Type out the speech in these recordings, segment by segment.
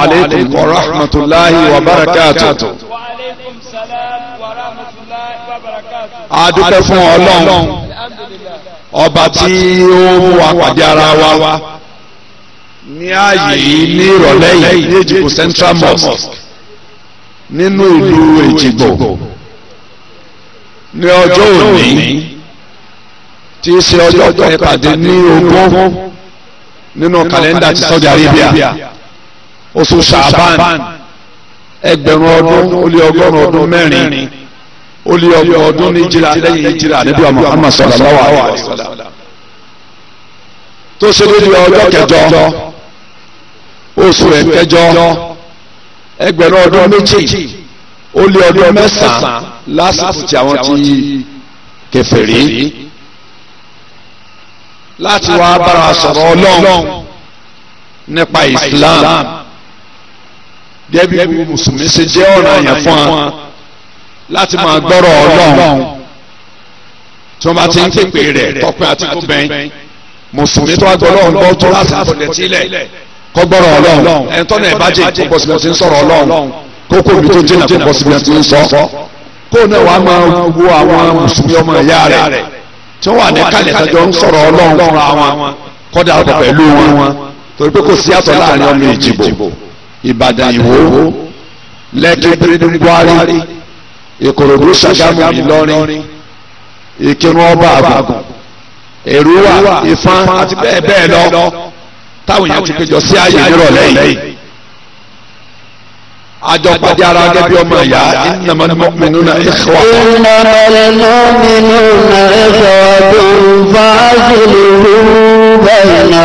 عليكم ورحمة الله وبركاته وعليكم السلام ورحمة الله وبركاته adúpẹ́ fún ọlọ́run ọba tí ó mú wa pàdé ara wa ní ààyè yìí ní ìrọ̀lẹ́ yìí ní Èjìgbò Central Mosque nínú ìlú Èjìgbò ní ọjọ́ òní tí í ṣe ọjọ́ kẹtàdínlógún nínú kàlẹ́ndà ti Saudi Arabia oṣù ṣàbán ẹgbẹ̀rún ọdún ó lé ọgọ́rùn ọdún mẹ́rin ó lé ọgbọ̀n ọdún ní jìrà lẹ́yìn jìrà níbi àwọn Muhammad sallallahu alaihi wasallam tó ṣe lójú ọjọ́ kẹjọ oṣù ẹ̀kẹjọ ẹgbẹ̀rún ọdún méjì ó ọdún mẹ́sàn lásìkò tí àwọn ti kèfèrí láti wá bára sọ̀rọ̀ ọlọ́run nípa Islam. Islam gẹ́bí gbogbo mùsùlùmí ṣe jẹ́ ọ̀ràn yẹn fún wa láti máa gbọ́rọ̀ ọlọ́run tí wọ́n bá ti ń pèpè rẹ̀ tọpẹ́ àti kúbẹ́yìn mùsùlùmí tó àgbọ̀ ọlọ́run gbọ́ tó láti àbọ̀dẹ̀ sílẹ̀ kọ́ gbọ́rọ̀ ọlọ́run ẹni tọ́nà ẹ̀ bájẹ́ kó bọ́ síbi tí ń sọ̀rọ̀ ọlọ́run kókó mi tó jìnnà kó bọ́ síbi tí ń sọ kó náà wàá máa wo àwọn mùsùlùmí ọmọ ìyá rẹ̀ tí wọ́n wà ní kálẹ̀ tọ́jọ́ ń sọ̀rọ̀ ọlọ́run fúnra wọn kọ́dà ìbàdàn ìwó lẹ́kì bírídùn buhari ìkòròdú ṣàgámù ìlọrin ìkírun ọba àgùn èrúwà ìfan àti bẹ́ẹ̀ bẹ́ẹ̀ lọ táwọn èèyàn ti péjọ sí ààyè nírọ̀lẹ́ yìí àjọpàdé ara gẹ́gẹ́ bí ọmọ ìyá innamal mu'minuna ikhwa. innamal mu'minuna ikhwatun fa'aslihu bayna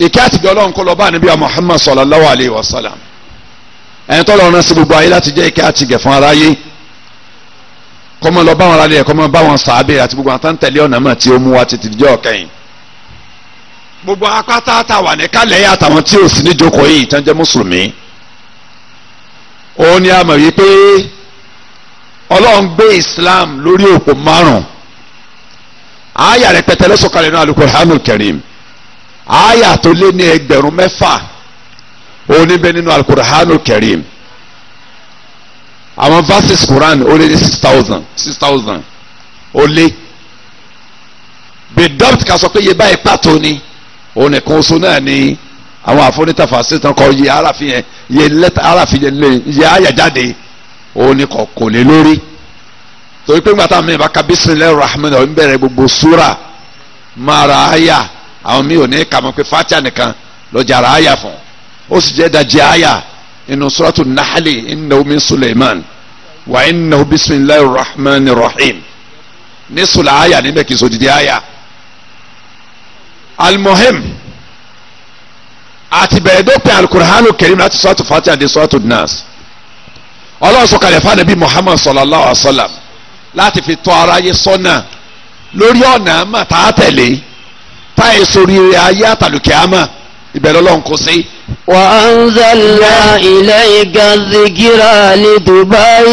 ìkẹ́ àtìgbẹ́ ọlọ́run kọ́ lọ bá níbi Muhammad sallallahu alayhi wa sallam ẹni tọ́lọ̀ ọ̀ràn sí gbogbo ayé láti jẹ́ ìkẹ́ àtìgẹ̀ fún aráyé kọ́mọ lọ bá wọn lálẹ́ kọ́mọ bá wọn sàábẹ̀ àti gbogbo àtàn tẹ̀lé ọ̀nà mọ̀ tí ó mú wa títí dijọ́ kẹ́yìn gbogbo apáta ta wà ní kálẹ̀ yà àtàwọn tí ò sí ní jókòó yìí tán jẹ́ mùsùlùmí ó ní àmọ̀ yìí pé ọlọ́run gbé Islam lórí òpó márùn-ún àyà rẹpẹtẹ lọ́sọ̀kalẹ̀ náà Al-Qur'anul àyà tó lé ní ẹgbẹ̀rún mẹ́fà oníbẹ̀ nínú alukurahanu karim àwọn verses quran ó lé ní six thousand six thousand ó lé bidopt ka sọ pé iye báyìí pàtó ni òun nìkan oṣù náà ni àwọn àfonítàfà sítan kọ iye aráàfin yẹn iye lẹ́tà aráàfin yẹn lé iye àyà jáde òun ni kò lé lórí torí pé ńgbà táwọn mìíràn bá ka bisimilayi rahman ọ̀hún bẹ̀rẹ̀ gbogbo súra mara àyà àwọn míì ò ní kà mọ́ pé fatia nìkan lọ́jàrá àyà fún ó sì jẹ́ dajì àyà inú suratu nahali innahu min suleiman wa innahu bisimilahi rahman rahim ní sula àyà níbẹ̀ kì í sojidi àyà almuhim àti bẹ̀rẹ̀ dópin alukur'anu karim láti suratu fatia dé suratu nas ọlọ́run sọ̀kalẹ̀ fún anabi muhammad sallallahu alaihi wa sallam láti fi tọ́ aráyé sọ́nà lórí ọ̀nà mọ̀tàtẹ̀lé táyé sórí rẹ̀ ayé àtàlùkẹ́ àmọ́ ìbẹ̀rẹ̀ ọlọ́run kò sí. wà á ń zàlá ilé ìga zikira ní dubai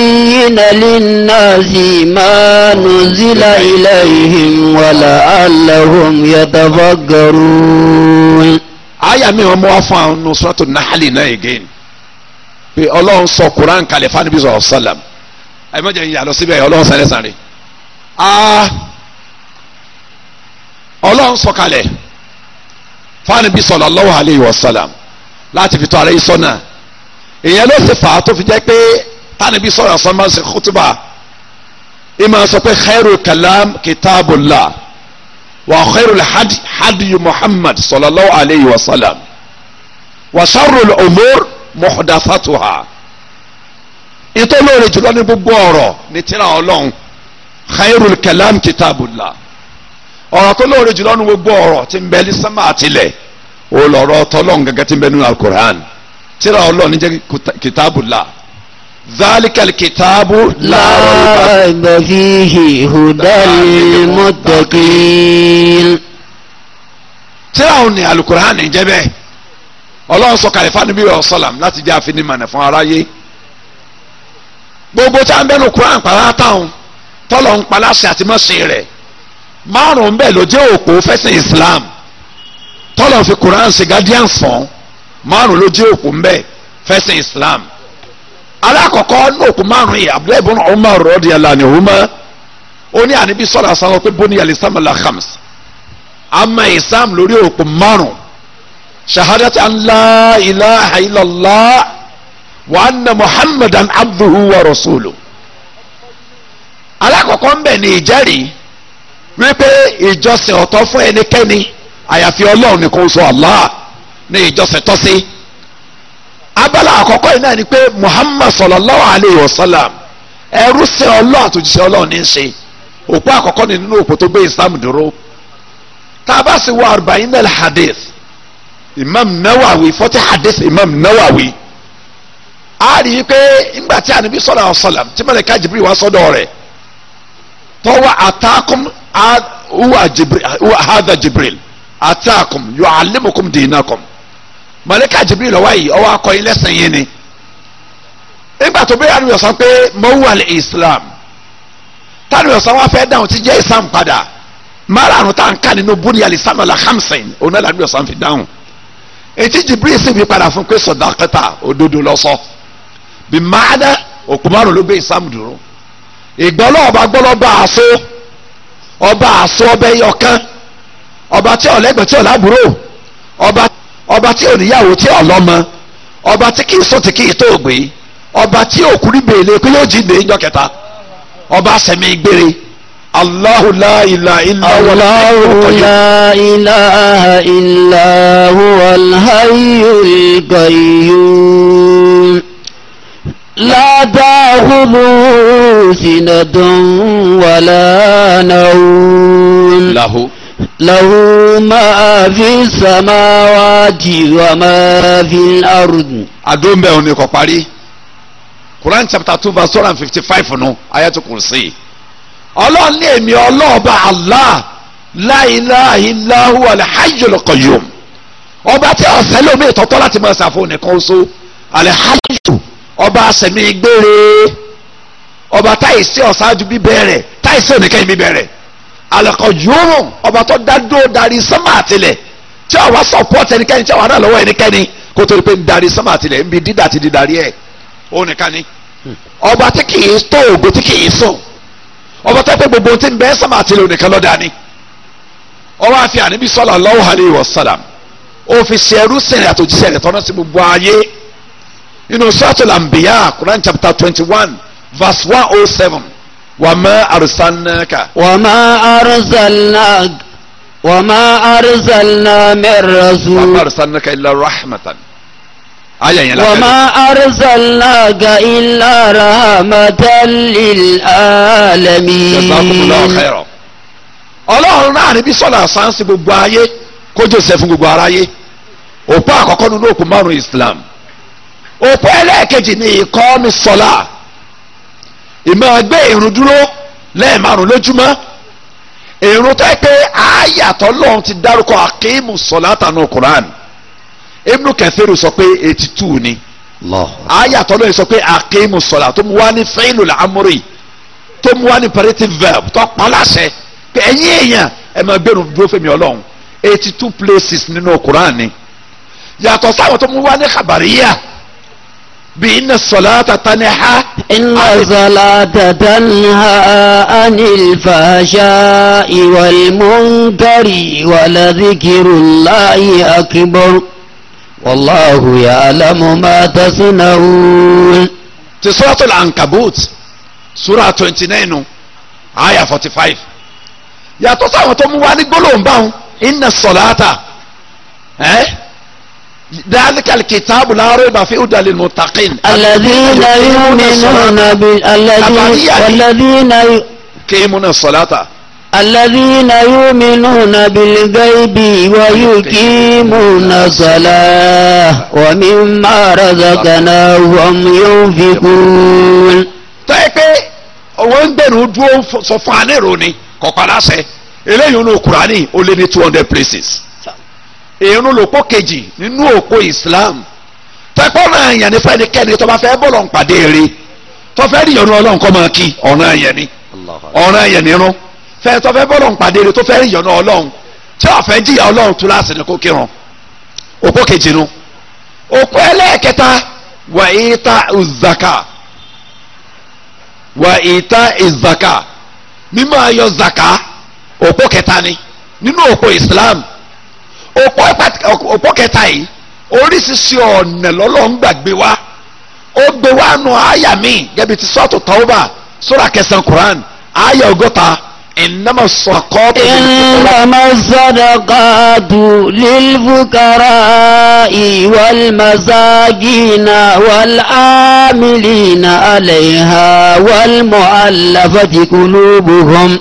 ìnàlí náà sì máa nù zílà ilé ìhìn wàlà aláhùn yàtọ̀fọ́ gàrú. àyà mi wọn mú wá fún àwọn nusratu nahali náà again pé ọlọ́run sọ kuran kalẹ̀ fún anabi ẹ̀ mọ̀jẹ̀ ń yà síbẹ̀ ọlọ́run sálẹ̀ sàrẹ̀ ọlọ́run sọ̀kalẹ̀ fáànìbí sallallahu alayhi wa sallam láti fi tó ara yìí sọ́nà èèyàn ló ṣe fà á tó fi jẹ́ pé fáànìbí sọ̀rọ̀ sọ́n máa ń ṣe kútùbà ẹ máa sọ pé khairu kalam kitabullah wa khairu hadi hadi muhammad sallallahu alayhi wa sallam wa sharru umur muhdathatuha ètò jùlọ ní gbogbo ọ̀rọ̀ ní tírà ọlọ́run khairu kalam kitabullah ọ̀rọ̀ tó lóore jùlọ nu gbogbo ọ̀rọ̀ tí ń bẹ ní sánmà àtìlẹ̀ o lọ̀rọ̀ tọ́lọ́n gẹ́gẹ́ tí ń bẹ nínú alukur'an tíra ọlọ́ọ̀ni jẹ́ kìtàbù la zalikal kìtàbù la raiba fihi hudal muttaqin. tíra ọ̀hún ni alukur'an jẹ́ bẹ́ẹ̀ ọlọ́run sọ kàlífà níbí ọ̀rọ̀ sọ́làm láti jẹ́ àfinimànà fún aráyé gbogbo tí a ń bẹ́nu márùn bẹ́ẹ̀ ló jẹ́ òpó fẹ́sìn Islam tọ́lọ̀ fi Quran ṣe guardians fún márùn ló jẹ́ òpó ńbẹ fẹ́sìn Islam alákọ̀ọ́kọ́ ní òpó márùn yìí Abdullahi ibn Umar radiyallahu anhuma ó ní àníbi sọ̀rọ̀ àṣà pé bóni al-Islam ala khams ama Islam lórí òpó márùn shahadati an la ilaha illallah wa anna muhammadan abduhu wa rasuluhu alákọ̀ọ́kọ́ ńbẹ ní ìjẹ́rìí wípé ìjọsìn ọ̀tọ̀ fún ẹnikẹ́ni àyàfi ọlọ́run nìkan sọ Allah ní ìjọsìn tọ́ sí. abala àkọ́kọ́ yìí náà ni pé Muhammad sallallahu alayhi wa sallam ẹrú sí ọlọ́run àtòjíṣẹ́ ọlọ́run ní í ṣe òpó àkọ́kọ́ ni nínú òpó tó gbé Islam dúró tá a bá sì wọ arba'in al hadith Imam Nawawi forty hadith Imam Nawawi a rí i pé ńgbà tí Ànábì sallallahu alayhi wa sallam tí mẹ́lẹ̀ká Jibril wá sọ́dọ̀ rẹ̀ tọ́wọ́ àtàkùn huwa jibril huwa hadha jibril ataakum yuallimukum dinakum màlẹ́kà jibril ọwọ́ yìí ọwọ́ akọ yín lẹ́sìn yín ni nígbà tó bẹ́ẹ̀ àdúgbò sọ pé mọ́wàlì islam tàdúgbò sọ wọn fẹ́ dáhùn ti jẹ́ islam padà márààrún tá à ń kà nínú bóni alisama la hamsin òun náà làdúgbò sọ fi dáhùn etí jibril sì fi padà fún pé sọdákítà òdodo lọ bí máadá òkú márùn ló gbé islam dúró ìgbọ́lọ́ọ̀bá gbọ́lọ́ọ̀bá àṣọ ọba àṣọ ọbẹ̀ yìí ọ̀kan ọba tí ọ̀lẹ́gbẹ̀ tí ọ̀làbúrò ọba ọba tí oníyàwó tí ọ̀lọ́mọ ọba tí kì í sùn tí kì í tó gbé ọba tí òkú bèèlè pé yóò jí nìyí jọkẹta ọba sẹ̀mí gbére Allahu la ilaha illa Allahu la ilaha illa huwal hayyul qayyum la ta'khudhuhu wala. la نوم له له ما في السماوات وما في الأرض àdúà bẹ́ẹ̀ ni kò parí Quran chapter two verse two hundred and fifty five nù ayatul kursi ọlọ́run ní èmi ọlọ́ọ̀ba Allah la ilaha illa huwa al-hayyul qayyum ọba tí ọ̀sẹ̀ lómi ìtọ́tọ́ láti máa ṣàfihàn nìkan ṣó al-hayyu ọba sẹ̀mí gbére ọba táyì sí ọ̀sáájú bíbẹ̀rẹ̀ tyson nìkan ìbí bẹ̀rẹ̀ alakọ̀júrùn ọba tó dádó darí sánmà àtìlẹ̀ tí a wá support ẹnikẹ́ni tí a wá rà lọ́wọ́ ẹnikẹ́ni kó tó di pé ń darí sánmà àtìlẹ̀ ń bi dídà ti di darí ẹ̀ ó nìkan ni hmm. ọba tí kì í tó ògo tí kì í sùn ọba tó pé gbogbo tí ń bẹ sánmà àtìlẹ̀ ònìkan lọ́dà ni ọba àfi àníbi sallallahu alaihi wasallam ó fi ṣe ẹrú sẹ̀rìn àtòjíṣẹ́ rẹ̀ tọ́ná sí gbogbo ayé inú suratul anbiya Quran chapter twenty one verse one oh seven. وما أرسلناك وما arsalnaka وما أرسلنا من rasul. وما أرسلناك إلا رحمة وما أرسلناك إلا رحمة للعالمين. arsalnaka illa rahmatan lil alamin. jazakumullahu khairan. ọlọ́run náà níbi sọ́la sáǹsì gbogbo ayé kó jòsè fún gbogbo aráyé òpó àkọ́kọ́ nínú òpó márùn islam òpó ẹlẹ́ẹ̀kejì ní ìkọ́ mi sọ́la ìmọ̀ gbé irun dúró lẹ́ẹ̀márùn lójúmọ́ irun tẹ́ pé àyàtọ̀ lọ́hún ti dárúkọ akéemù sọ̀láta nù Quran Ibn Kathiru sọ pé eighty two ni àyàtọ̀ lọ́hún sọ pé akéemù sọ̀lá tó mu wá ní fẹ́ẹ́lù làámúrì tó mu wá ní imperative verb tó pa láṣẹ pé ẹ̀yin èèyàn ẹ̀ máa gbẹ̀rún dúró fẹ́mi ọlọ́run eighty two places nínú Quran ni yàtọ̀ sáwọn tó mu wá ní kàbàríyà bí iná sọlá tata ní ha. iná sọlá tata ní ha anil fàṣà ìwàl munkari wàlá zikiru láàyè akíbọ̀rù wàláhu ya'lamu ma tasna'un. ti suratul ankabut sura twenty nine aya forty five yàtọ̀ sáwọn tó mú wa ní gbólóhùn báwọn iná sọlá ta. Eh? ذلك الكتاب لا ريب فيه هدى للمتقين الذين يؤمنون بالذين والذين يقيمون الصلاة الذين يؤمنون بالغيب ويقيمون الصلاة ومما رزقناهم ينفقون tẹ́ẹ̀pẹ́ owó ń bẹ̀rù dúró sọ fún alẹ́ ìròyìn láṣẹ eléyìí olókùnrin ó lé ní two hundred places èrún lòpó kejì nínú òkò Islam tẹpọ ọ̀nà àyàn ní fẹ́nikẹ́ni tó bá fẹ́ bọ́lọ̀ ń pàdé rè tó fẹ́ rí ìyọnu Ọlọ́run kọ́ máa kí ọ̀nà àyàn ni ọ̀nà àyàn ni rún fẹ́ tó fẹ́ bọ́lọ̀ ń pàdé rè tó fẹ́ rí ìyọnu Ọlọ́run tí wàá fẹ́ jìyà Ọlọ́run tó láti ní kó kírun òpó kejì nu òpó ẹlẹ́ẹ̀kẹta wà ìzàkà wà ìzàkà mímọ ayọ zàkà òpó kẹta ni nínú òpó Islam òpó kẹta yìí oríṣiríṣi ọ̀nà lọ́lọ́run gbàgbé wa ó gbé wa nù àyà mi gẹ́bi ti sọ́ọ̀tù tọ́wọ́bà sura kẹsàn-án Quran àyà ọgọ́ta ìnáma sọ̀kọ́ tó lè fukara. ìnáma sọ̀dọ̀kọ́ tó lè amilina alayha wàl mu'allafati qulubuhum.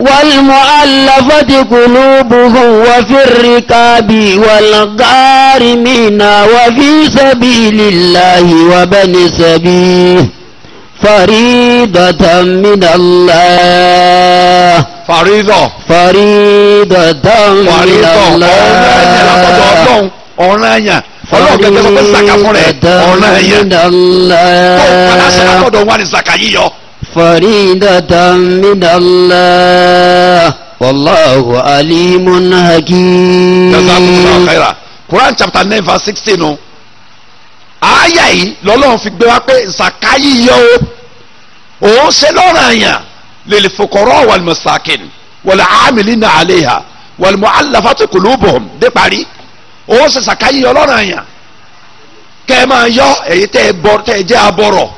والمؤلفة قلوبهم وفي الركاب والغارمين وفي سبيل الله وبن سبيه فريضة من الله فريضة فريضة من الله ọ̀ranyàn ọlọ́ọ̀kẹ́ tẹ́lẹ̀ pé sàkà fún rẹ̀ ọ̀ranyàn tó padà sàkà lọ́dọ̀ wọn ni sàkà yíyọ. فريدة من الله والله عليم حكيم جزاكم الله خيرا Quran chapter nine verse sixteen o àyà yìí lọ́lọ́run fi gbé wa pé zakayi yọ o òun ṣe lọ́rọ̀ àyàn lil fuqara wal masakin wal amilina alayha wal mu'allafati qulubuhum dé parí òun ṣe zakayi yọ lọ́rọ̀ àyàn kẹ́ ẹ máa yọ èyí tẹ́ ẹ jẹ́ abọ́rọ̀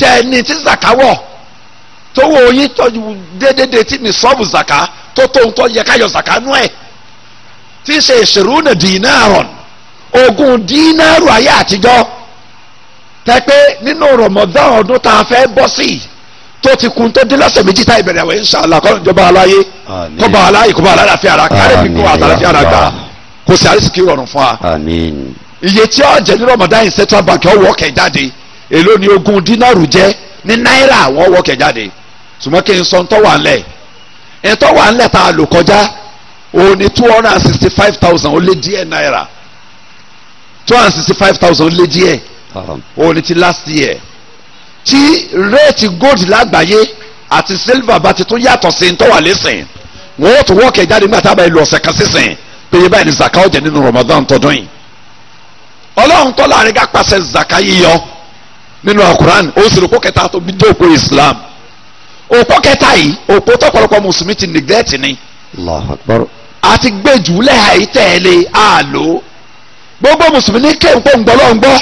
tẹni tí zaka wọ tówó yín tọjú déédéé tí ní sọ́ọ̀bù zaka tó tó ń tọ́ yẹ ká yọ zaka nú ẹ̀ tí ṣe ìṣirò ní dínárọ̀n ogún dínárù ayé àtijọ́ tẹ nínú Ramadan ọdún tá a fẹ́ bọ́ sí i tó ti kun tó dé lọ́sẹ̀ méjì tá ìbẹ̀rẹ̀ àwẹ̀ inshallah kọ́ ìjọba aláyé kọ́ bá aláyé kọ́ bá aláàfin ara kárẹ́ fi kó àtàlàfin ara gbà kò sí àrísìkí rọrùn fún wa iye tí ó jẹ ní Ramadan yìí central bank ọwọ́ kẹ̀ jáde èló ni ogún dínàrù jẹ́ ní náírà wọ́n wọ́ kẹ̀ jáde ṣùgbọ́n kí n sọ ntọ́wà ńlẹ̀ ntọ́wà ńlẹ̀ tá a lò kọjá òun ni two hundred and sixty five thousand ó lé díẹ̀ náírà two hundred and sixty five thousand ó lé díẹ̀ òun ni ti last year tí réètì gold lágbàáyé àti silver bá ti tún yàtọ̀ sí ntọ́wà lẹ́sìn wọ́n ó tún wọ́ kẹ̀ jáde nígbà tá a bá lọ ọ̀sẹ̀ kan sísìn péye báyìí ni zaka ó jẹ nínú Ramadan tọdún yìí ọlọ́run tọ́lá rẹ̀ ká pàṣẹ zaka yíyọ nínú alukur'an ó sì rò kó kẹta tó bí jókòó islam òpó kẹta yìí òpó tọ̀pọ̀lọpọ̀ mùsùlùmí ti neglect ni. Allahu Akbar. àti gbẹ̀jú lẹ́hàí tẹ̀lé àlò gbogbo mùsùlùmí ní kéwòpó ńgbọ́lọ́ ńgbọ́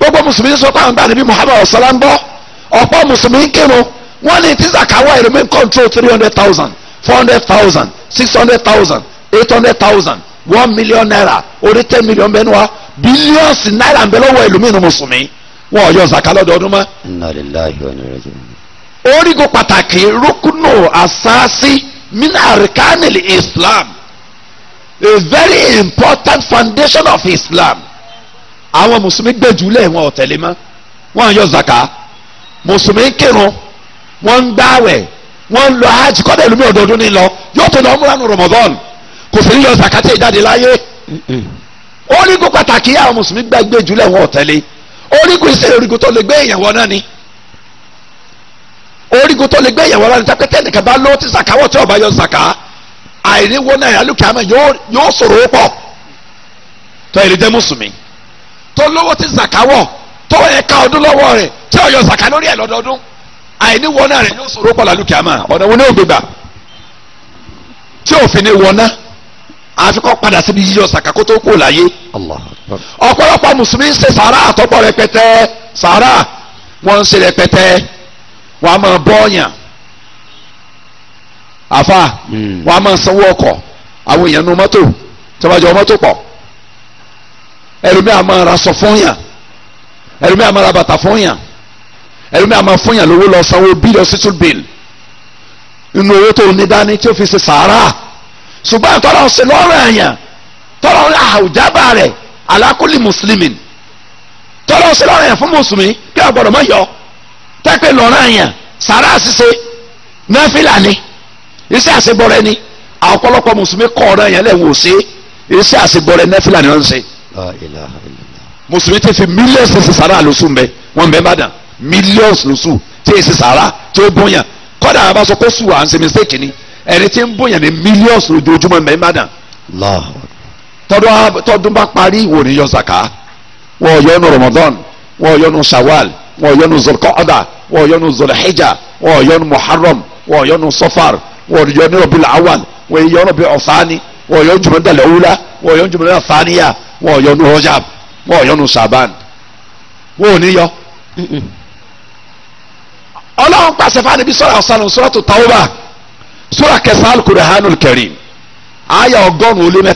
gbogbo mùsùlùmí sọ pé àwọn bá níbi muhammadu sallam gbọ́ ọ̀pọ̀ mùsùlùmí kéwòn wọ́n ní tíza káwá ìròmí control three hundred thousand four hundred thousand six hundred thousand eight hundred thousand one million naira orí ten million bẹ́ẹ̀ ni wa billions naira ń bẹ lọ́wọ́ ìlú mùsùlùmí wọn ò yọ zaka lọ́dọọdún mọ́. orígun pàtàkì rúkúnù àsáàsì mina arkanil islam a very important foundation of islam àwọn mùsùlùmí gbẹ̀jùlẹ̀ wọn ò tẹ̀lé mọ́ wọn ò yọ zaka mùsùlùmí ń kírun wọn ń gbààwẹ̀ wọn ń lọ hajj kọ́dọ̀ ìlú mi ọ̀dọ́ọdún lọ yóò tó lọ múranú ramadan kò sí yọ zaka tẹ̀ jáde láyé orígun pàtàkì àwọn mùsùlùmí gbẹ̀jùlẹ̀ wọn ò tẹ̀lé orígun ìṣe orígun tó lè gbé ìyàwó náà ni orígun tó lè gbé ìyàwó náà ni tẹpẹtẹ nìkan bá ló ti sàkáwọ tí ọba yọ sàká àìníwó náà yàlùkẹ́ àmọ́ yóò sòrò pọ̀ tó èrè jẹ́ mùsùlùmí tó lówó ti sàkáwọ tó ẹ̀ka ọdún lọ́wọ́ rẹ̀ tí ọ̀yọ́ sàká lórí ẹ̀ lọ́dọọdún àìníwó náà rẹ̀ yóò sòrò pọ̀ làlùkẹ́ àmọ́ ọ̀nà wo ni ó gbégbà tí òfin ni wọ́n àfikọ́ padà síbi yíyọ sàkàkó tó kù láyé. ọ̀pọ̀lọpọ̀ mùsùlùmí ń ṣe sàárà àtọ́pọ̀ rẹpẹtẹ sàárà wọ́n ń ṣe rẹpẹtẹ wọ́n á máa bọ́ọ̀yàn àfa hmm. wọ́n á máa sanwó ọkọ̀ àwọn èèyàn nu mọ́tò tí wọ́n jọ mọ́tò pọ̀ ẹlòmíì á máa ra sọ fún yàn ẹlòmíì á máa ra bàtà fún yàn ẹlòmíì máa fún lówó lọ sanwó bílíọ̀ sísú bíl inú owó tó ní dání tí ó fi ṣe sàárà ṣùgbọ́n tọ́lọ̀ ń ṣe lọ́rùn àyàn tọ́lọ̀ ń àwùjábà rẹ̀ alákùlì mùsùlùmí tọ́lọ̀ ń ṣe lọ́rùn àyàn fún mùsùlùmí kí a gbọ́dọ̀ mọ̀ yọ tẹ́pẹ́ lọ́rùn àyàn sàrà ṣíṣe náfìlà ni iṣẹ́ àṣebọ̀rẹ́ ni ọ̀pọ̀lọpọ̀ mùsùlùmí kọ̀ ọ̀rọ̀ àyàn lẹ́wọ̀n ò ṣe iṣẹ́ àṣebọ̀rẹ́ náfìlà ni wọ́n ń ṣe mùsùlùmí ti fi millions ṣe sàrà lóṣù ẹni tí ń bóyàn ní millions lójoojúmọ́ mẹ́ ìbàdàn tọdún bá parí wò ní yọ zaka wọ́n yọ nu Ramadan wọ́n yọ nu Shawwal wọ́n yọ nu Zulqa'da wọ́n yọ nu Zulhijja wọ́n yọ nu Muharram wọ́n yọ nu Safar wọ́n yọ nu Rabiul Awwal wọ́n yọ nu Rabiul Thani wọ́n yọ Jumada al wọ́n yọ Jumada al wọ́n yọ nu wọ́n yọ nu wọ́n ní yọ. ọlọ́run pàṣẹ fún anabi sọ́ra ọ̀sán lọ́sọ́rọ́ tó tàwọn bá. سورة كسال كرهان الكريم آية وقوم ولي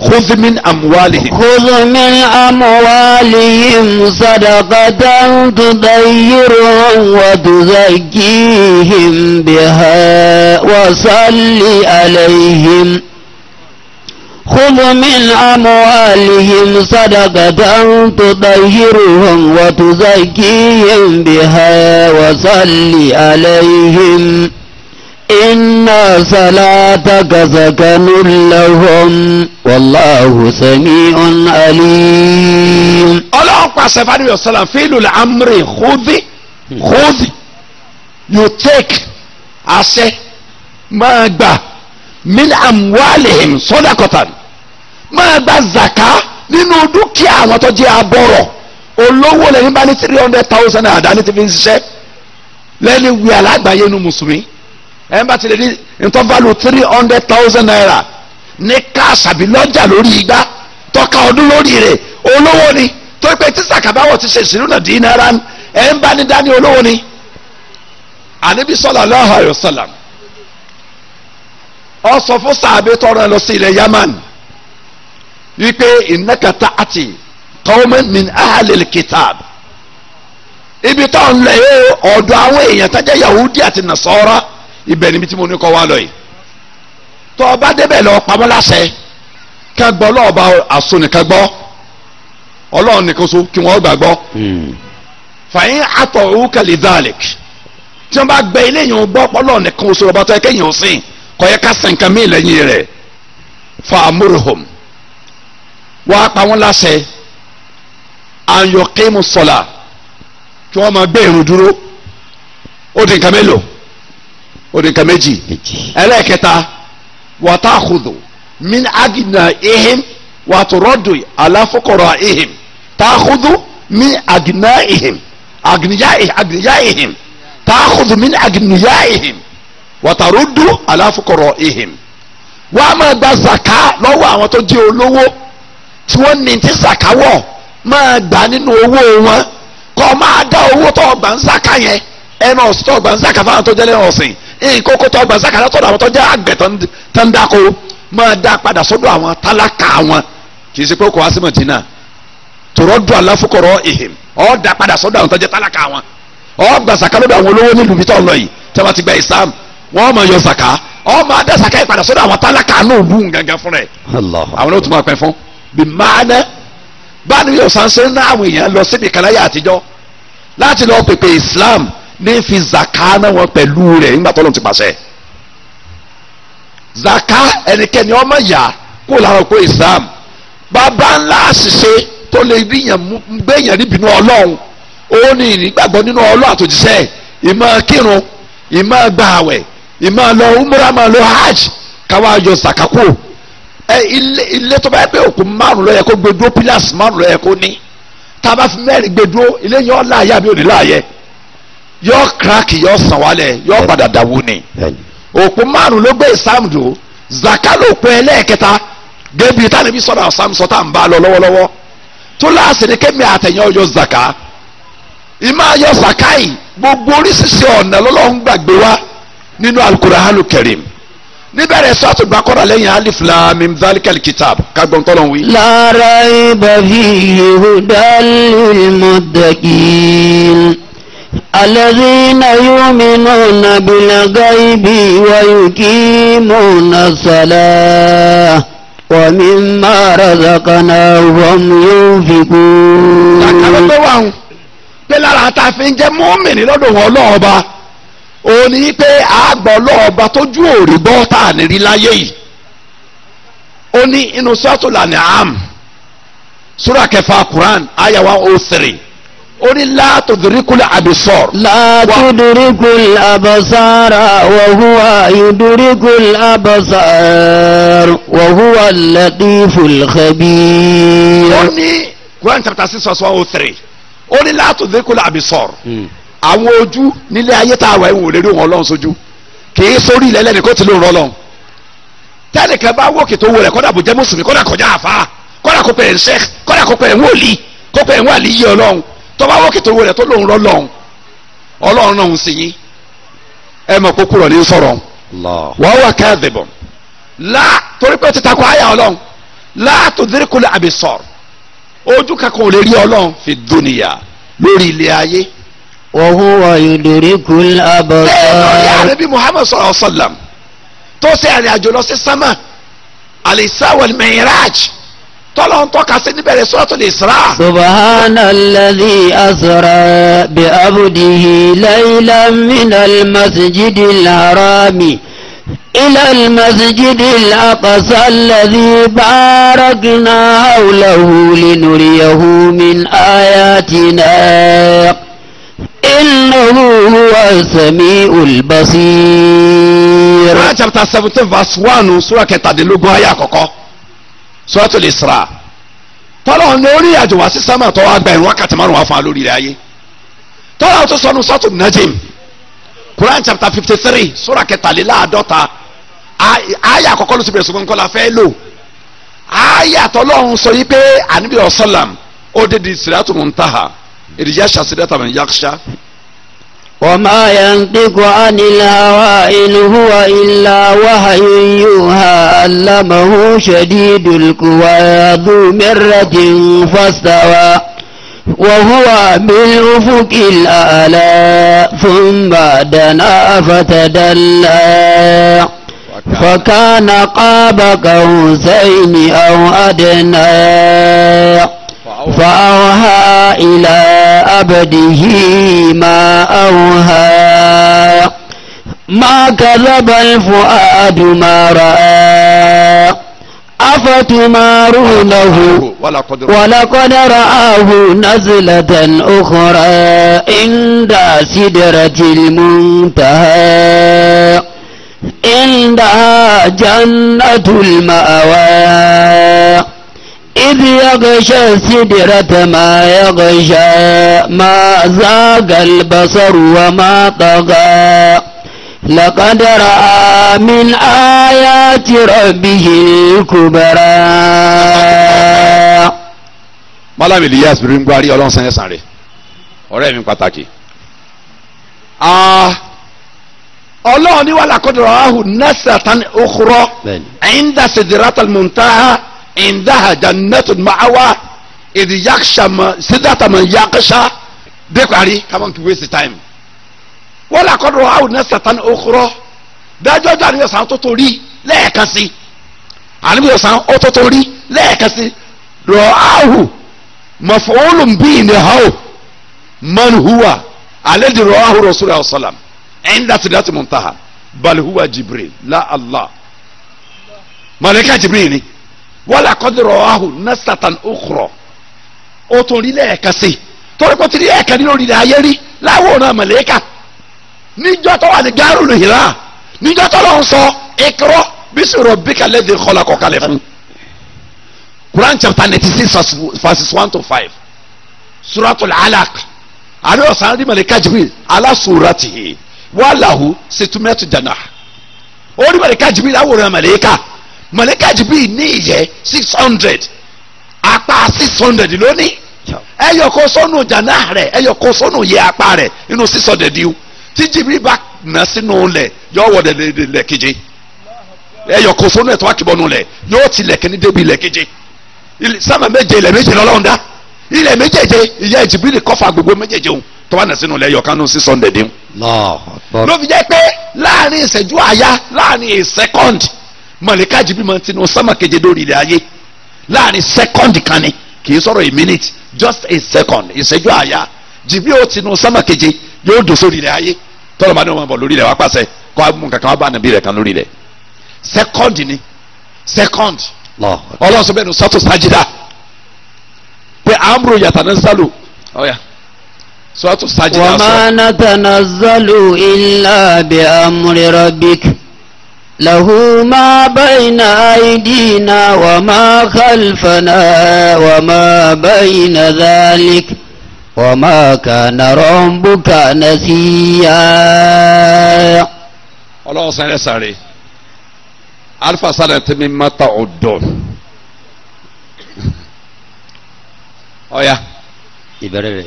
خذ من أموالهم خذ من أموالهم صدقة تطيرهم وتزكيهم بها وصل عليهم خذ من أموالهم صدقة تطيرهم وتزكيهم بها وصل عليهم إن صلاتك سكن لهم والله سميع عليم ọlọ́run pàṣẹ fani yọ sọlá fílù làmúrè khudhi khudhi you take àṣẹ máa gbà min amwalihim sọdakọtan máa gba zaka nínú dúkìá àwọn tó jẹ́ abọ́rọ̀ olówó lẹ́yìn bá ní three hundred thousand naira dání ti fi ń ṣiṣẹ́ lẹ́ni wíwá lágbàáyé nu mùsùlùmí ẹ̀ ń bá tilẹ̀ ní ntọ́ value three hundred thousand naira ní káàsì àbí lọ́jà lórí igbá tọ́ka ọdún lórí rẹ̀ olówó ni torí pé tíṣà kàbáwọ̀ ti ṣe ìṣirò náà dín náírà ẹ̀ ń bá ní dání olówó ni ànábì sallallahu alayhi wa sallam ó sọ fún sàbẹ tọrọ ẹ lọ sí ilẹ̀ Yaman wípé innaka ta'ati qawman min ahlil kitab ibi tó ń lẹ̀ yóò ọ̀dọ̀ àwọn èèyàn tó Yahudi àti Nasara ibẹ̀ níbi tí mo ní kọ́ wá lọ yìí tọ́ ọba débẹ̀ lọ pamọ́ láṣẹ ká gbọ́ ọlọ́ọ̀ba àso nìkan gbọ́ ọlọ́run nìkan so kí wọ́n gbàgbọ́ fàyín atọ̀ òun dalek tí wọ́n bá gbẹ eléyìí ń gbọ́ ọlọ́run nìkan oṣù ọba tó yẹ kéèyàn sìn kọ́ yẹ ká sìn mí lẹ́yìn rẹ̀ fa amúròhom wọ́n á pa wọ́n láṣẹ àyọ̀kému sọ̀la kí wọ́n máa gbé ìrun dúró ó di nǹkan mélòó oníkan méjì ẹlẹ́ẹ̀kẹta wàtàkùdù min agina ihim wàtúrọ́dù aláfọkọ̀rọ̀ ihim tàkùdù min agina ihim agniya ihim tàkùdù min agniya ihim wàtàrọ́dù aláfọkọ̀rọ̀ ihim wọ́n á máa gba zaka lọ́wọ́ àwọn tó jẹ́ olówó tí wọ́n ní ti zaka wọ̀ máa gbà nínú owó wọn kọ́ máa dá owó tó gbà ń yẹn ẹnu tó gbà ń zaka fáwọn tó jẹ́ lẹ́nu ìkókó tó gba zaka látọ̀dọ̀ àwọn tó jẹ́ àgbẹ̀ tó ń dáko máa dá padà sọ́dọ̀ àwọn tálákà wọn kì í ṣe pé ó kọ́ wá sí Mọ̀dínà tòrọ́ dùn aláfukọ̀rọ̀ ìhìn ọ́ dá padà sọ́dọ̀ àwọn tó jẹ́ tálákà wọn ọ́ gba zaka lọ́dọ̀ àwọn olówó nílùú bí tó ń lọ yìí tí wọ́n ti gba Islam wọ́n máa yọ zaka ọ́ máa dá zaka yìí padà sọ́dọ̀ àwọn tálákà náà lù gangan fún rẹ̀ àwọn ló tún máa pẹ́ fún bí máa ná báyìí yóò sánsẹ́ ná àwọn èèyàn lọ síbi kàláyà àtijọ́ láti lọ pèpè Islam ní fi zaka náà wọn pẹ̀lú rẹ̀ nígbà tó lóun ti pàṣẹ. zaka ẹnikẹ́ni ọmọ yà kó lára kó Islam bàbá ńlá àṣìṣe tó lè rí yàn gbé yàn níbi inú ọlọ́run ó ní ìgbàgbọ́ nínú ọlọ́ àtòjíṣẹ́ ìmọ̀ kírun ìmọ̀ gbààwẹ̀ ìmọ̀ lọ umra máa lọ hajj káwá yọ zaka kú ẹ ilé ilé tó bá yẹ pé òkú márùn ló yẹ pílàsì márùn ló ní tá a bá fi mẹ́rin gbé ilé yẹn ọ̀ láàyè àbí òní láàyè yọ kíráàkì yọ sàn wálẹ̀ yọ padà dàwó ni òpó márùn ló gbé ìsáàmù dò zaka ló pẹ́ ẹlẹ́ẹ̀kẹta gẹ́bí tá níbi sọ́dọ̀ àsáàmù sọ́tà ń bá a lọ lọ́wọ́lọ́wọ́ tó láàsì ni kémi àtẹ̀yàn yọ zaka ìmọ̀ ayọ̀ zaka yìí gbogbo oríṣiríṣi ọ̀nà lọ́lọ́run gbàgbé wa nínú alukurahalu kerim níbẹ̀rẹ̀ sọ́ọ̀tù gbàkọ́rọ̀ lẹ́yìn alif la kitab kagbọ́n tọ́lọ̀ ń wí. la raiba fihi hudan lil muttaqin. الذين يؤمنون بالغيب ويقيمون الصلاة ومما رزقناهم ينفقون ṣàkàrọ̀ pé wà ń pé lára tá a fi ń jẹ́ mọ́mìnì lọ́dọ̀ tójú òòrè gbọ́ tá a nírí láyé yìí ó inú sọ́tò làní àm súrà kẹfà Quran ayàwá ó orí látòdìríkùlẹ̀ àbẹ̀sọ̀r. látòdìríkùlẹ̀ àbẹ̀sọ̀r wàhùwà ìdìríkùlẹ̀ àbẹ̀sọ̀r wàhùwà latiful khabir. ó ní Quran chapter six verse one oh three ó ní látòdìríkùlẹ̀ àbẹ̀sọ̀r. Hmm. àwọn ojú nílé ayé tá a wà ìwò lérí wọn lọ́n sojú kì í sórí ilẹ̀ lẹ́nu kó ti ló ń rọlọ́n. tẹ́nìkan bá wọ́ọ̀kì tó wọlé kọ́dà bó mùsùlùmí kọ́dà kọjá àfa kọ́dà kó pẹ̀ ń sẹ́k kọ́dà kó pẹ̀ ń wòlíì kó pẹ̀ ń wàlíyé ọlọ́run tọ́ba wọ́n kìtò owó rẹ̀ tó lòun rọ́lọ́hún ọlọ́run náà ń sìn yín ẹ mọ̀ kó kúrò ní sọ̀rọ̀ wọ́n wà kẹ́ẹ̀dẹ̀bọ̀ la torí pé ó ti takò àyà ọlọ́run la tudrikul absar ojú kankan ò lè rí ọlọ́run fi dúnìyà lórí ilé ayé. wa huwa yudrikul absar. bẹ́ẹ̀ lọ yá rẹ̀ bí Muhammad sallallahu alaihi tó ṣe àrìn àjò lọ sí sámà al-Isra tọ́lọ̀ ń tọ́ka sí níbẹ̀rẹ̀ suratul Isra. subhanalladhi asra bi abdihi laylan minal masjidil harami. إلى المسجد الأقصى الذي باركنا حوله لنريه من آياتنا إنه هو السميع البصير. Quran chapter seventeen verse one sura kẹtàdínlógún ayé àkọ́kọ́ suratul Isra tọ́lọ̀ ní orí àjò wá sí sámà tó wá gba ìrún wákàtí márùn wá fún wa lórí rẹ̀ ayé tọ́lọ̀ tó sọnù suratul Najm Quran chapter fifty three sura kẹtàléláàádọ́ta àyà àkọ́kọ́ ló ti bẹ̀rẹ̀ sọ́kọ́ la fẹ́ lò àyà tọ́lọ́hún sọ yìí pé ànábì ó dé di siratul muntaha ìdíjà وما ينطق عن الهوى إن هو إلا وحي يوحى علمه شديد القوى ذو مرة فاستوى وهو بالأفق الأعلى ثم دنا فتدلى فكان قاب قوسين أو أدنى فأوهى إلى عبده ما أوهى ما كذب الفؤاد ما رأى أفتمارونه ولقد رآه نزلة أخرى عند سدرة المنتهى عندها جنة المأوى إذ يغشى السدرة ما يغشى ما زاغ البصر وما طغى لقد رأى من آيات ربه الكبرى Malami Ilyas Birin Gwari ọlọ́sàn ẹ̀sán rẹ̀ ọ̀rẹ́ mi pàtàkì. Ah, Ọlọ́run ní wàhálà kọ́dọ̀rọ̀ ahù nasratan ukhra inda sidratal muntaha indaha jannatun ma'awa yaksha, yakhsha sidrata man yakhsha dé come on to waste the time wọ́n là kọ́ dọ̀rọ̀ àwọn nẹ́sẹ̀tàn okòrò dájọ́ ọjọ́ àníyàn sàn tó torí lẹ́ẹ̀kan sí àníyàn sàn ó tó torí lẹ́ẹ̀kan sí rọ̀ áhù mọ̀fọ́wọ́lù bíi ní hàó mọ̀nùhùwà alẹ́ di rọ̀ áhù rasulillah salam ẹ̀ńdà tó dàtí mọ̀ntàhà balùwà jibril la allah mọ̀lẹ́kà jibril ni wala qad rawahu nasatan ukhra ó tún rí lẹ́ẹ̀kan sí i torí kò ti rí ẹ̀ẹ̀kan nínú rí ayé rí láwòrán màlẹ́kà níjọ́ tó wà ní gárùn hìrà níjọ́ tó lọ́n sọ ikra bísí rabbika alladhi khalaq kalẹ̀ fún. Quran chapter ninety six verses one to five suratul alaq àríwá sàrẹ́dì màlẹ́kà jibril ala suratihi wàlàhù situmẹ́tù janah orí màlẹ́kà jibril láwòrán màlẹ́kà mọ̀lẹ́kà jìbìrì ní ìyẹ́ six hundred apá six hundred lónìí ẹyọ kó sọnù jàǹdà rẹ ẹyọ kó sọnù yẹ apá rẹ nínú six hundred yìí tí jìbìrì bá nà sínú lẹ yọ wọ lẹ keje ẹyọ kó sọnù ẹtọ akibọnu lẹ yóò ti lẹ kẹni débi lẹ keje sábà méje ilẹ̀ méje lọ́lọ́run dá ilẹ̀ méjèèje ìyá jìbìrì kọfà gbogbo méjèèje òun tó wà nà sínú lẹ ẹyọ kánú six hundred yìí. ló fi jẹ́ pé láàrin ìṣẹ́jú àyá láàrin ìṣẹ́kọ́ndì mọ̀lẹ́ká jìbìrì máa ń tinú sámà keje lórí ilẹ̀ ayé láàrin sẹ́kọ́ndì kan ni kì í sọ̀rọ̀ a minute just a second ìṣẹ́jú àyà jìbìrì ó tinú sámà keje yóò dò sórí ilẹ̀ ayé tọ́lọ́ máa ní wọn bọ̀ lórí ilẹ̀ wá pàṣẹ kọ́ abúmu kankan wá bá nàbí rẹ̀ kan lórí ilẹ̀ sẹ́kọ́ndì ni sẹ́kọ́ndì ọlọ́run sọ bẹ́ẹ̀ ni sọ́tò sájídà pé àmúrò yàtọ̀ náà sálò ọ̀yà sọ́tò sájídà sọ. wàmánà tànà zálò ilà bí amúrẹ́rọ́bíkì. له ما بين أيدينا وما خلفنا وما بين ذلك وما كان ربك نسيا الله سنة ساري ألف سنة مما تعدون أو يا إبرة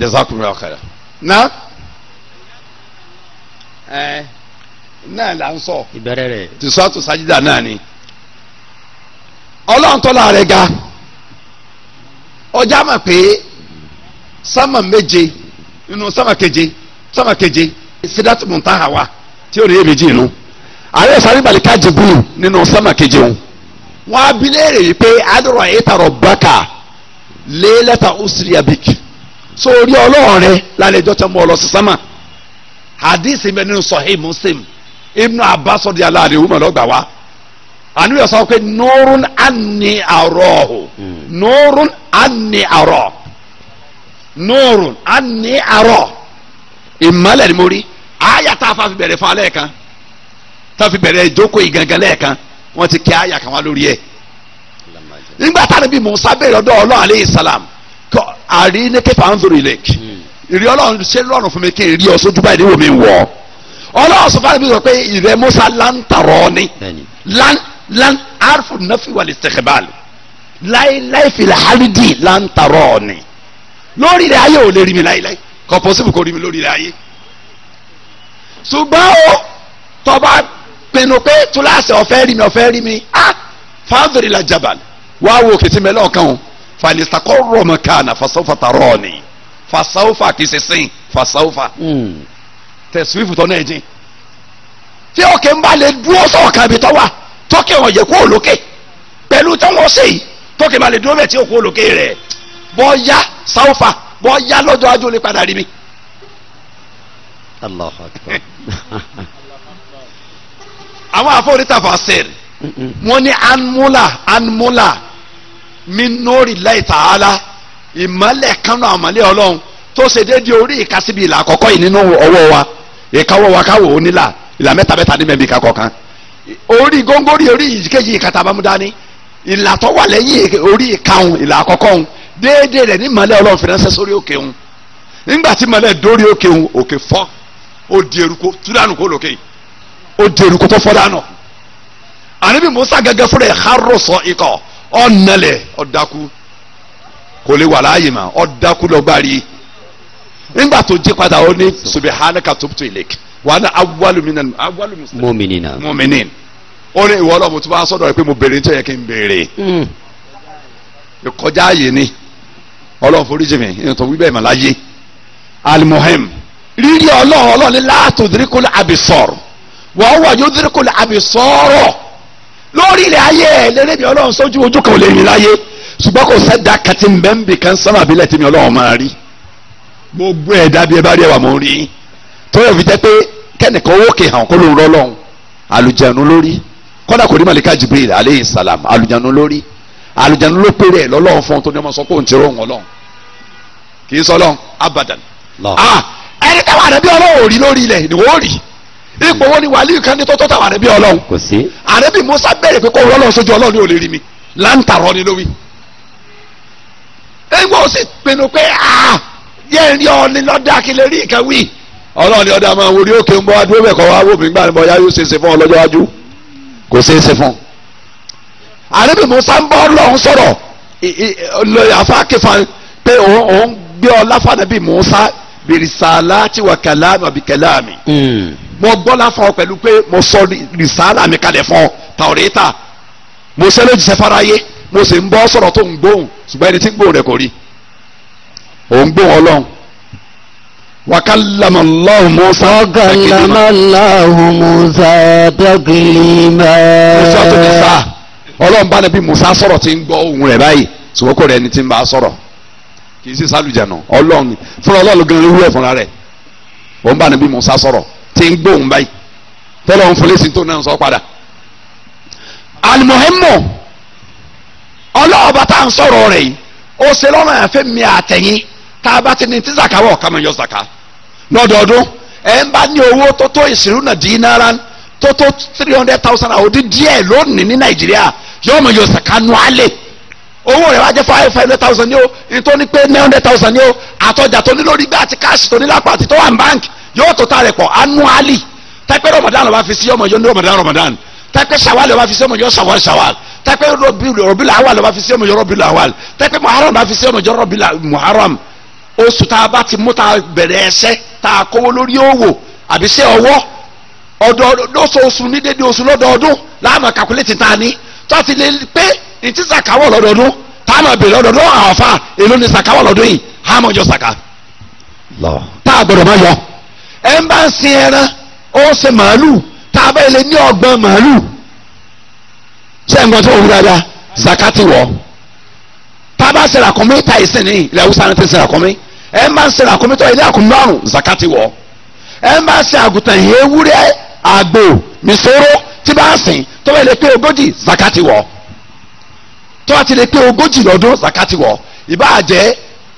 جزاكم الله خيرا نعم náà là ń sọ ìbẹ̀rẹ̀ rẹ̀ ti sọ́ọ̀tù sájídà náà ni ọlọ́run tọ́lá ga ọjà mọ̀ pé sámà méje nínú sámà keje sámà keje sídàtì mùtáhà wa tí ó rí èmi jìn nù ààrẹ sàrìbàlì kájìbù nínú sámà keje òun wọn á bi léèrè yìí pé adúrò ìtàrọ̀ bákà lélẹ́tà usriabik sórí ọlọ́run lálẹ́ ìjọ́ mọ́ ọ lọ sí sámà hadith bẹ́ẹ̀ sọ̀hí muslim. Ibn Abbas ọ̀dí aláàlẹ̀ òun mọ̀ lọ́gbà wa àníyàn sọ pé nurun anni arọ́hù hmm. nurun anni arọ́ nurun anni arọ́ ìmọ̀lẹ̀ ni mo rí àyà tá a fa fi bẹ̀rẹ̀ fún alẹ́ kan tá a fi bẹ̀rẹ̀ ìjókòó ìgangan lẹ́ẹ̀kan wọ́n ti kí àyà kan wá lórí ẹ̀ nígbà tá a níbi Musa bẹ̀rẹ̀ ọdọ́ ọlọ́run aleyhi salam kọ àrí ní kẹfà ń zòrò ilẹ̀ ìrí ọlọ́run ṣe lọ́rùn fún mi kí n rí ọ sójú báyìí níwò mi wọ̀ ọ́ ọlọ́run sọ fún mi sọ pé ìrẹ musa lantarọ ni lan lan arfu nafi wal istiqbal láéláé fìlà halidi lantarọ ni lórí rẹ ayé ò lè rí mi láéláé kò pọ́sibú kò rí mi lórí rẹ ayé ṣùgbọ́n o tọba pinnu pé túláàsì ọ̀fẹ́ rí mi ọ̀fẹ́ rí mi ah fáńdìrì la jabal wá wo kìtì mẹ́lẹ́ ọ̀kan o fàlìsàkọ́ rọ̀mọ̀kànà fasawfa tarọ́ọ̀ni fasawfa kìí ṣe sìn fasawfa. Mm tẹ̀síwìfù tọ́ náà jìn tí ọkẹ́ ń bá lè dúró sọ̀kan ibi tọ́ wa tọ́kẹ́ wọn yẹ kó olókè pẹ̀lú táwọn ṣe yìí tọ́kẹ́ máa lè dúró bẹ̀ tí òkú olókè rẹ̀ bọ́yá sáwọ́fà bọ́yá lọ́jọ́ ajó lè padà rí mi. Allahu Akbar. àwọn àfọwọ́rítà fàṣẹ́rì wọ́n ní anmúlà anmúlà min nóòrì láì tààlà ìmọ̀lẹ̀ kánú àmọ̀lẹ̀ ọlọ́run tó ṣe déédéé orí ìkásíbi ìlà àkọ́kọ́ yìí nínú ọwọ́ wa ìkawọ́ wa káwọ́ onílà ìlà mẹ́ta mẹ́ta ní mẹ́bí kakọ̀ kan orí góńgóri orí ìkejì ìkàtàbámu dání ìlà tó wà lẹ́yìn orí ìkàhùn ìlà àkọ́kọ́ hùn déédéé rẹ̀ ní màlẹ́ ọlọ́run fìránṣẹ́ sórí òkè hùn nígbà tí màlẹ́ dórí òkè hùn òkè fọ́ ó di eruko túdánù kó lókè ó di eruko tó fọ́ dánù àníbi musa gẹ́gẹ́ fúnra ẹ̀ haro sọ ikọ̀ ọ̀nàlẹ̀ ọ̀dàkú kò lè wà láàyè mà ọ̀dàkú lọ́gbàrí nígbà tó jí padà ó ní subhanaka tubtu ilayk wa ana awwalu minan awwalu mu'minina mu'minin ó ní ìwọ ọlọ́run tó bá sọ̀dọ̀ rẹ pé mo béèrè nítorí yẹ kí n béèrè hmm. ìkọjá yìí ni ọlọ́run foríjì mi ìyẹn wíbẹ̀ mà láyé almuhim rírí ọlọ́run ọlọ́run ní la tudrikul absar wa huwa yudrikul absar lórí ilẹ̀ ayé ẹ̀ lérè mi ọlọ́run sójú ojú kan ò lè rìn láyé ṣùgbọ́n kò sẹ́dá kàtí mbẹ́mbì kan sábàbí lẹ́tí mi ọlọ́run máa rí gbogbo ẹ̀dá bí ẹ bá rí ẹwà mọ̀ ń rí tọ́yọ̀ fi jẹ́ pé kẹ́nìkan owó kè hàn kó ló ń rọ́ lọ́hùn lórí kọ́dà kò rí màlíkà jibril aleyhi salam àlùjẹ̀nu lórí àlùjẹ̀nu ló péré ẹ̀ lọ́lọ́run fún un tó ní ọmọ sọ pé òun ti rọ́ òun ọlọ́run kì í sọ lọ́hùn abadan ah, ẹni táwa rẹ̀ bí ọlọ́run ò rí lórí ilẹ̀ ni wọ́n rí ipò wo ni wàlíì kan ní tó tó táwa rẹ̀ bí ọlọ́run kò sí àrẹ́bí musa bẹ̀rẹ̀ pé kó rọ́ lọ́run sójú ọlọ́run ní òlè mi láǹtà rọ́ ni lówí. ẹ̀yin wọ́n pinnu pé ah, yẹ́ ń ní lọ́dà kí lè rí nǹkan wí ọlọ́run ni ọ̀dà máa ń worí òkè ń bọ́ adúlọ́ bẹ̀ kọ́ wá wò mí gbà ní bọ́yá yóò ṣe é ṣe fún ọ lọ́jọ́ iwájú kò ṣe é ṣe fún. àrẹ́bí musa ń bọ́ lọ́hún sọ̀rọ̀ lórí afákẹ́fà pé òun gbé ọ láfàdàbí musa bìrìsàlá tí wà kàlámì àbí kàlámì. Hmm. mo gbọ́ láfa ọ pẹ̀lú pé mo sọ rìsàlá mi kalẹ̀ fún ọ tàwọ̀rẹ́ta mo ṣẹlẹ̀ jìṣẹ́ fara yé mo sì ń bọ́ sọ̀rọ̀ tó ń gbóhùn ṣùgbọ́n ẹni tí ń gbóhùn rẹ̀ kò rí òun gbóhùn ọlọ́run wakalama allahu musa. wakalama allahu musa takilima. musa tó ti sá ọlọ́run bá nàbí musa sọ̀rọ̀ tí ń gbọ́ ohùn rẹ̀ báyìí sòwòkò rẹ̀ ni tí ń bá a sọ̀rọ̀ kì í sì sálùjànà ọlọ́run fúnra ọlọ́run gan irú ẹ̀ fúnra rẹ̀ òun bá nàbí musa sọ̀rọ̀ tí ń gbóhùn báyìí tọ́lọ̀ ń fọlẹ́sìn tó náà sọ padà. alimohimmo ọlọ́ọ̀bá tá à ń sọ̀rọ̀ rẹ̀ yìí ó ṣe lọ́nà àfẹ́ mi àtẹ̀yìn tá a ti ní tí zaka wọ̀ ká máa yọ zaka lọ́dọọdún ẹ̀ ń bá ní owó tó tó ìṣirúnà dínárà tó tó three hundred thousand àwòdì díẹ̀ lónìí ní nàìjíríà yóò máa yọ zaka nù alẹ́ owó rẹ̀ wá jẹ́ five hundred thousand ní o ìtò ní pé nine hundred thousand ní o àtọjà tó ní lórí gbé àti káàsì tó ní lápá àti tó wà ní báńkì yóò tó ta rẹ̀ pọ̀ annually tẹ́pẹ́ ramadan ló bá fi sí ọmọ yọ ní ramadan ramadan tẹ́pẹ́ sawal ló bá fi sí ọmọ yọ sawal sawal tẹ́pẹ́ rọbìlì rọbìlì awal ló bá fi sí ọmọ yọ rọbìlì awal tẹ́pẹ́ Muharam. ló bá fi sí ọmọ yọ rọbìlì muharram oṣù tá a bá ti mú tá a bẹ̀rẹ̀ ẹsẹ̀ tá a kówó lórí òwò àbí sẹ́ ọwọ́ ọdọọdún lóṣooṣù ní dédé oṣù lọ́dọọdún láàmà kàkúlẹ̀tì tá a ní tó a ti lè pé ní ti sàkáwọ̀ lọ́dọọdún tá a máa bèrè lọ́dọọdún àwọn afa èló ni sàkáwọ̀ lọ́dún yìí á mọ̀ jọ sàká. tá a gbọ́dọ̀ máa yọ ẹ ń bá ń sin ẹran ó ń sin màálù tá a bá ilé ní ọgbọ́n màálù sẹ́ǹgbọ́n tó wúra dáa zakati wọ̀ tá a bá ṣe ràkúnmí tá a ì sìn ní ilẹ̀ haúsá ni ti ṣe ràkúnmí ẹ máa ń ṣe àkómítọ́ ilé àkómí zakati wọ̀ ẹ máa ń ṣe àgùntàn ewúrẹ́ àgbò nìṣòro tí bá ń sìn tó bá lè pé zakati wọ̀ tó bá ti lè pé ogójì lọ́dún zakati wọ̀ ìbáà jẹ́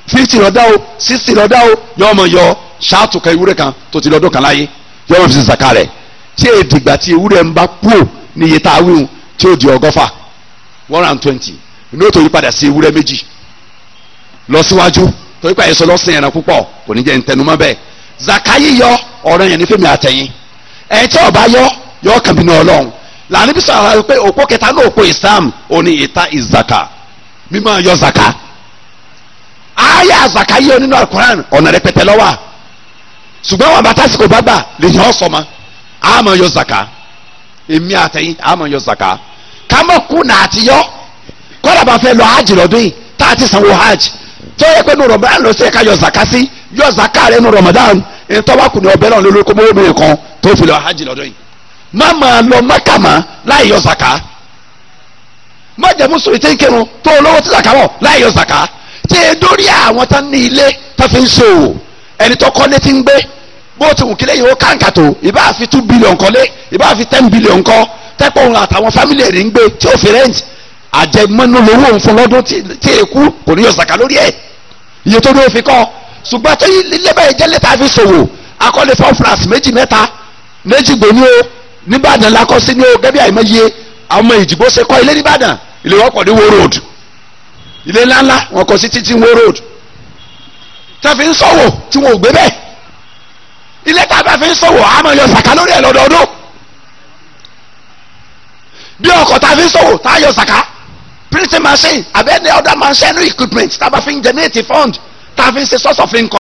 fifty lọ́dá o sixty lọ́dá o yọ ọmọ yọ ṣáàtù kan ewúrẹ́ kan tó ti lọ́dún kan láyé yọ ọmọ fi ṣe zaka rẹ̀ tí èdìgbà tí ewúrẹ́ ń bá kúò ní iye tá a wíwùn tí ó di ọgọ́fà one and twenty ní o tó yí padà sí ewúrẹ́ méjì lọ torí pé àyẹ̀sọ lọ́sìn ẹran púpọ̀ kò ní jẹ́ ntẹnumọ́ bẹ́ẹ̀ zaka yíyọ ọ̀rọ̀ yẹn ní fẹ́mi àtẹ̀yìn ẹ̀ tí ọba yọ yọ kàmínú ọlọ́run lànà bí sọ̀rọ̀ pé òpó kẹta ní òpó islam ó ní ìta ìzaka mímọ́ yọ zaka àyà zaka yíyọ nínú alukoran ọ̀nà rẹpẹtẹ lọ́wọ́ ṣùgbọ́n wọn bàtà sìkò bàbà lèyìn ọ̀sọ̀ ma àmọ́ yọ zaka èmi àtẹ̀yìn àmọ́ yọ zaka kámọ́ kùnà àtiyọ́ kọ́dà bá fẹ́ lọ hajj lọ́dún yìí tá a ti sanwó hajj tó yẹ pé nu rọmọdán ló ṣe ká yọ zaka sí yọ zaka rẹ nu rọmọdán ntọ́wá kù ní ọbẹ̀ náà lórí kó mọ́wé mi kan tó fi lọ hajj lọ́dọ̀ yìí má máa lọ mákàmá láì yọ zaka má jẹ́ mùsùlùmí tí ń kírun tó olówó ti zaka wọ̀ láì yọ zaka tí e dórí àwọn tán ní ilé tó fi ń ṣe ẹni tó kọ́lé ti ń gbé bó ti wù kílẹ̀ yìí ó kàǹkà tó ìbá fi two billion kọ́lé ìbá fi ten billion kọ́ tẹ́pọ̀ òun àtàwọn fámìlì rẹ̀ ń gbé tí ó fi rẹ́ǹtì àjẹmọ́nú lówó òun fún lọ́dún tí èkú kò ní yọ zaka lórí ẹ̀ iye tó ló fi kọ́ ṣùgbọ́n tí ilé bẹ́ẹ̀ jẹ́ lẹ́tà fi ṣòwò akọ́lé four flats méjì mẹ́ta méjì gbòní o nìbàdàn lakọ́ sí ní o gẹ́bí àìmọye àwọn ọmọ ìjìgbó ṣe kọ́ ilé nìbàdàn ilé wọn kọ́ ní wo road ilé ńláńlá wọn kọ́ sí títí wo road tá fi ń ṣòwò tí wọn ò gbé bẹ́ẹ̀ ilé tá a bá fi ń ṣòwò a máa yọ sàkà lórí ẹ̀ lọ́dọọdún bí ọkọ̀ tá a fi ń ṣòwò tá a yọ sàkà printing machine àbẹ́ẹ̀dẹ́ ọ̀dà machine equipment tá a bá fi fund tá a fi source of income.